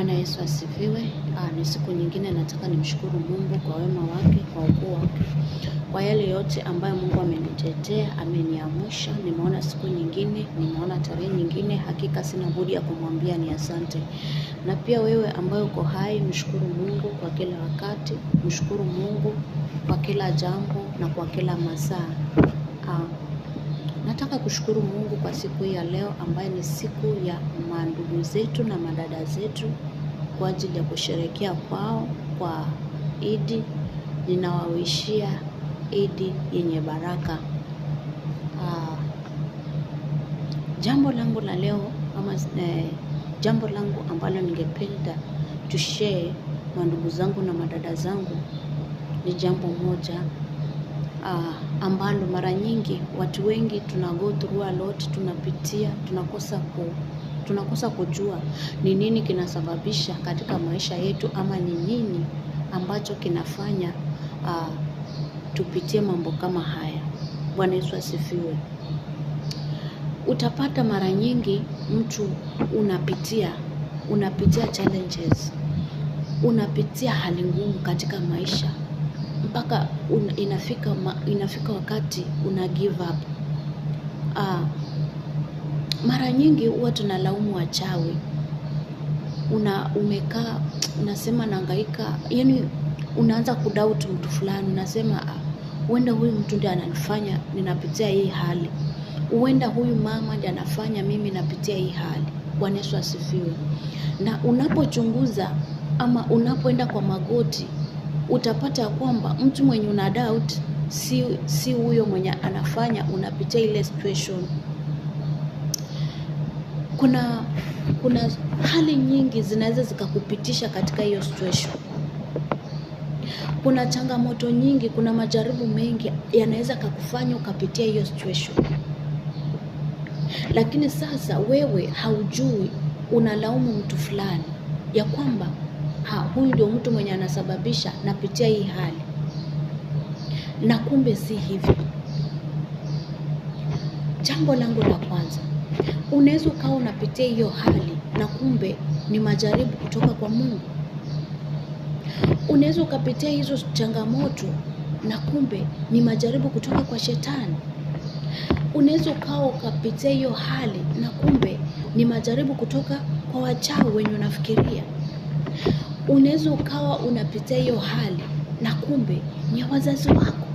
Bwana Yesu asifiwe. Ah, ni siku nyingine, nataka nimshukuru Mungu kwa wema wake, kwa ukuu wake, kwa yale yote ambayo Mungu amenitetea, ameniamsha. Nimeona siku nyingine, nimeona tarehe nyingine, hakika sina budi ya kumwambia ni asante. Na pia wewe ambaye uko hai, mshukuru Mungu kwa kila wakati, mshukuru Mungu kwa kila jambo na kwa kila masaa. Ah, nataka kushukuru Mungu kwa siku hii ya leo ambayo ni siku ya mandugu zetu na madada zetu kwa ajili ya kusherekea kwao kwa Idi. Ninawawishia Idi yenye baraka. Aa, ah, jambo langu la leo ama eh, jambo langu ambalo ningependa tushee na ndugu zangu na madada zangu ni jambo moja aa, ah, ambalo mara nyingi watu wengi tuna go through a lot, tunapitia tunakosa ku Tunakosa kujua ni nini kinasababisha katika maisha yetu ama ni nini ambacho kinafanya uh, tupitie mambo kama haya. Bwana Yesu asifiwe. Utapata mara nyingi mtu unapitia unapitia challenges, unapitia hali ngumu katika maisha mpaka un, inafika, ma, inafika wakati una give up. Uh, mara nyingi huwa tunalaumu wachawi una umekaa unasema nangaika yani unaanza kudoubt mtu fulani unasema ah, huenda huyu mtu ndiye ananifanya ninapitia hii hali huenda huyu mama ndiye anafanya mimi napitia hii hali bwana asifiwe na unapochunguza ama unapoenda kwa magoti utapata kwamba mtu mwenye una doubt si si huyo mwenye anafanya unapitia ile situation kuna kuna hali nyingi zinaweza zikakupitisha katika hiyo situation. Kuna changamoto nyingi, kuna majaribu mengi yanaweza kakufanya ukapitia hiyo situation, lakini sasa wewe haujui, unalaumu mtu fulani ya kwamba ha, huyu ndio mtu mwenye anasababisha napitia hii hali, na kumbe si hivyo. Jambo langu la kwanza Unaweza ukawa unapitia hiyo hali na kumbe ni majaribu kutoka kwa Mungu. Unaweza ukapitia hizo changamoto na kumbe ni majaribu kutoka kwa Shetani. Unaweza ukawa ukapitia hiyo hali na kumbe ni majaribu kutoka kwa wachawi wenye unafikiria. Unaweza ukawa unapitia hiyo hali na kumbe ni ya wazazi wako.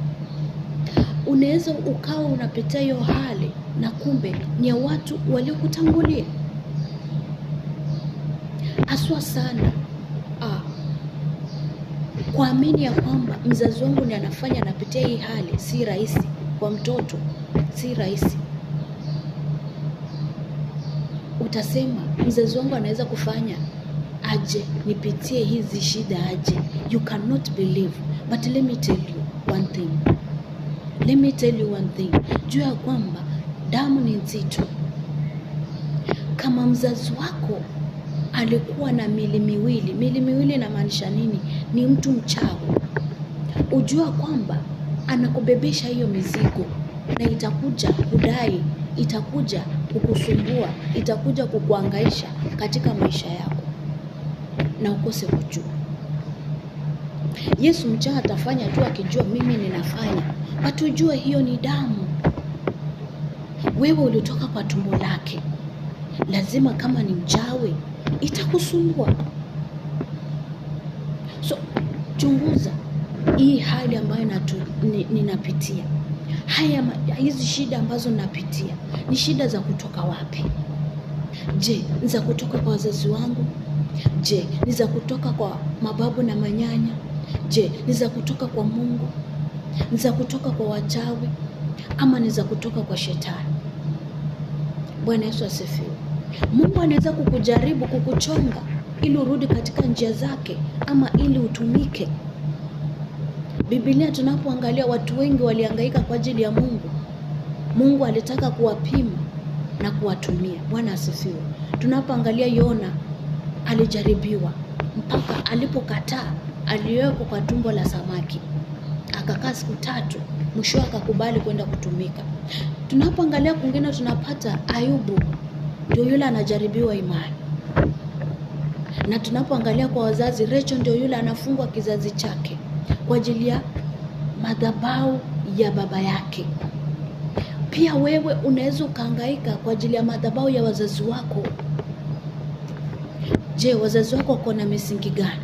Unaweza ukawa unapitia hiyo hali na kumbe ni ya watu waliokutangulia haswa sana ah, kuamini ya kwamba mzazi wangu ni anafanya anapitia hii hali si rahisi kwa mtoto, si rahisi. Utasema mzazi wangu anaweza kufanya aje, nipitie hizi shida aje? You cannot believe. But let me tell you one thing, let me tell you one thing, juu ya kwamba damu ni nzito. Kama mzazi wako alikuwa na mili miwili, mili miwili inamaanisha nini? Ni mtu mchawi, ujua kwamba anakubebesha hiyo mizigo, na itakuja kudai, itakuja kukusumbua, itakuja kukuangaisha katika maisha yako na ukose kujua. Yesu mchana atafanya tu akijua mimi ninafanya, hatujue hiyo ni damu wewe uliotoka kwa tumbo lake, lazima kama ni mchawi itakusumbua. So chunguza hii hali ambayo natu, ninapitia haya hizi shida ambazo napitia ni shida za kutoka wapi? Je, ni za kutoka kwa wazazi wangu? Je, ni za kutoka kwa mababu na manyanya? Je, ni za kutoka kwa Mungu? Ni za kutoka kwa wachawi ama ni za kutoka kwa shetani? Bwana Yesu asifiwe. Mungu anaweza kukujaribu, kukuchonga ili urudi katika njia zake ama ili utumike. Biblia tunapoangalia watu wengi walihangaika kwa ajili ya Mungu. Mungu alitaka kuwapima na kuwatumia. Bwana asifiwe. Tunapoangalia Yona alijaribiwa mpaka alipokataa aliwekwa kwa tumbo la samaki, akakaa siku tatu, mwisho akakubali kwenda kutumika. Tunapoangalia kwingine, tunapata Ayubu ndio yule anajaribiwa imani, na tunapoangalia kwa wazazi, Recho ndio yule anafungwa kizazi chake kwa ajili ya madhabahu ya baba yake. Pia wewe unaweza ukahangaika kwa ajili ya madhabahu ya wazazi wako. Je, wazazi wako wako na misingi gani?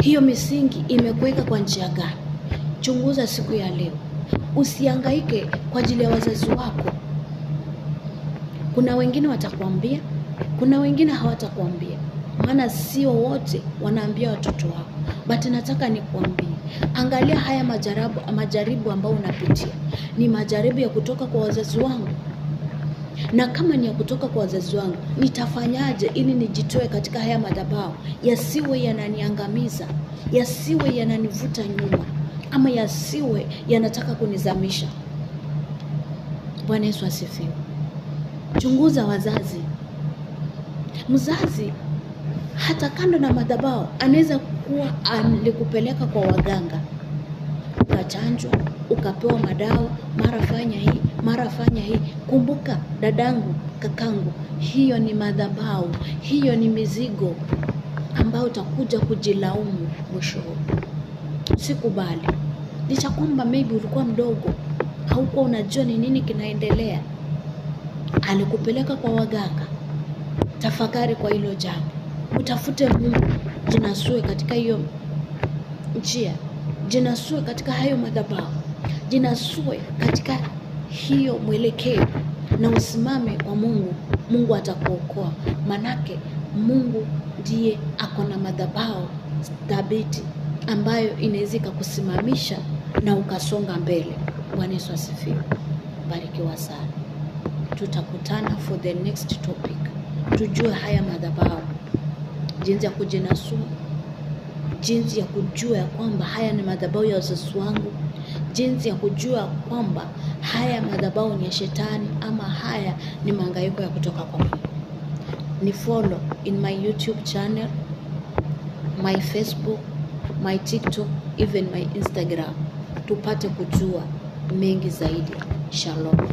Hiyo misingi imekuweka kwa njia gani? Chunguza siku ya leo usiangaike kwa ajili ya wazazi wako. Kuna wengine watakuambia, kuna wengine hawatakuambia, maana sio wote wanaambia watoto wako but nataka nikuambie, angalia haya majaribu, majaribu ambayo unapitia ni majaribu ya kutoka kwa wazazi wangu na kama ni ya kutoka kwa wazazi wangu, nitafanyaje ili nijitoe katika haya madhabahu, yasiwe yananiangamiza, yasiwe yananivuta nyuma ama yasiwe yanataka kunizamisha. Bwana Yesu asifiwe. Chunguza wazazi. Mzazi hata kando na madhabahu anaweza kuwa alikupeleka kwa waganga ukachanjwa, ukapewa madawa, mara fanya hii, mara fanya hii. Kumbuka dadangu, kakangu, hiyo ni madhabahu, hiyo ni mizigo ambayo utakuja kujilaumu mwisho. Sikubali licha kwamba maybe ulikuwa mdogo, haukuwa unajua ni nini kinaendelea. Alikupeleka kwa waganga, tafakari kwa hilo jambo, utafute Mungu, jinasue katika hiyo njia, jinasue katika hayo madhabahu, jinasue katika hiyo mwelekeo na usimame kwa Mungu. Mungu atakuokoa, manake Mungu ndiye ako na madhabahu thabiti ambayo inaweza kusimamisha na ukasonga mbele. Bwana Yesu asifiwe. Barikiwa sana. Tutakutana for the next topic, tujue haya madhabahu, jinsi ya kujinasua, jinsi ya kujua ya kwamba haya ni madhabahu ya wazazi wangu, jinsi ya kujua kwamba haya madhabahu ni ya shetani ama haya ni mahangaiko ya kutoka kwa Mungu. Ni follow in my YouTube channel, my Facebook, my TikTok, even my Instagram tupate kujua mengi zaidi. Shalom.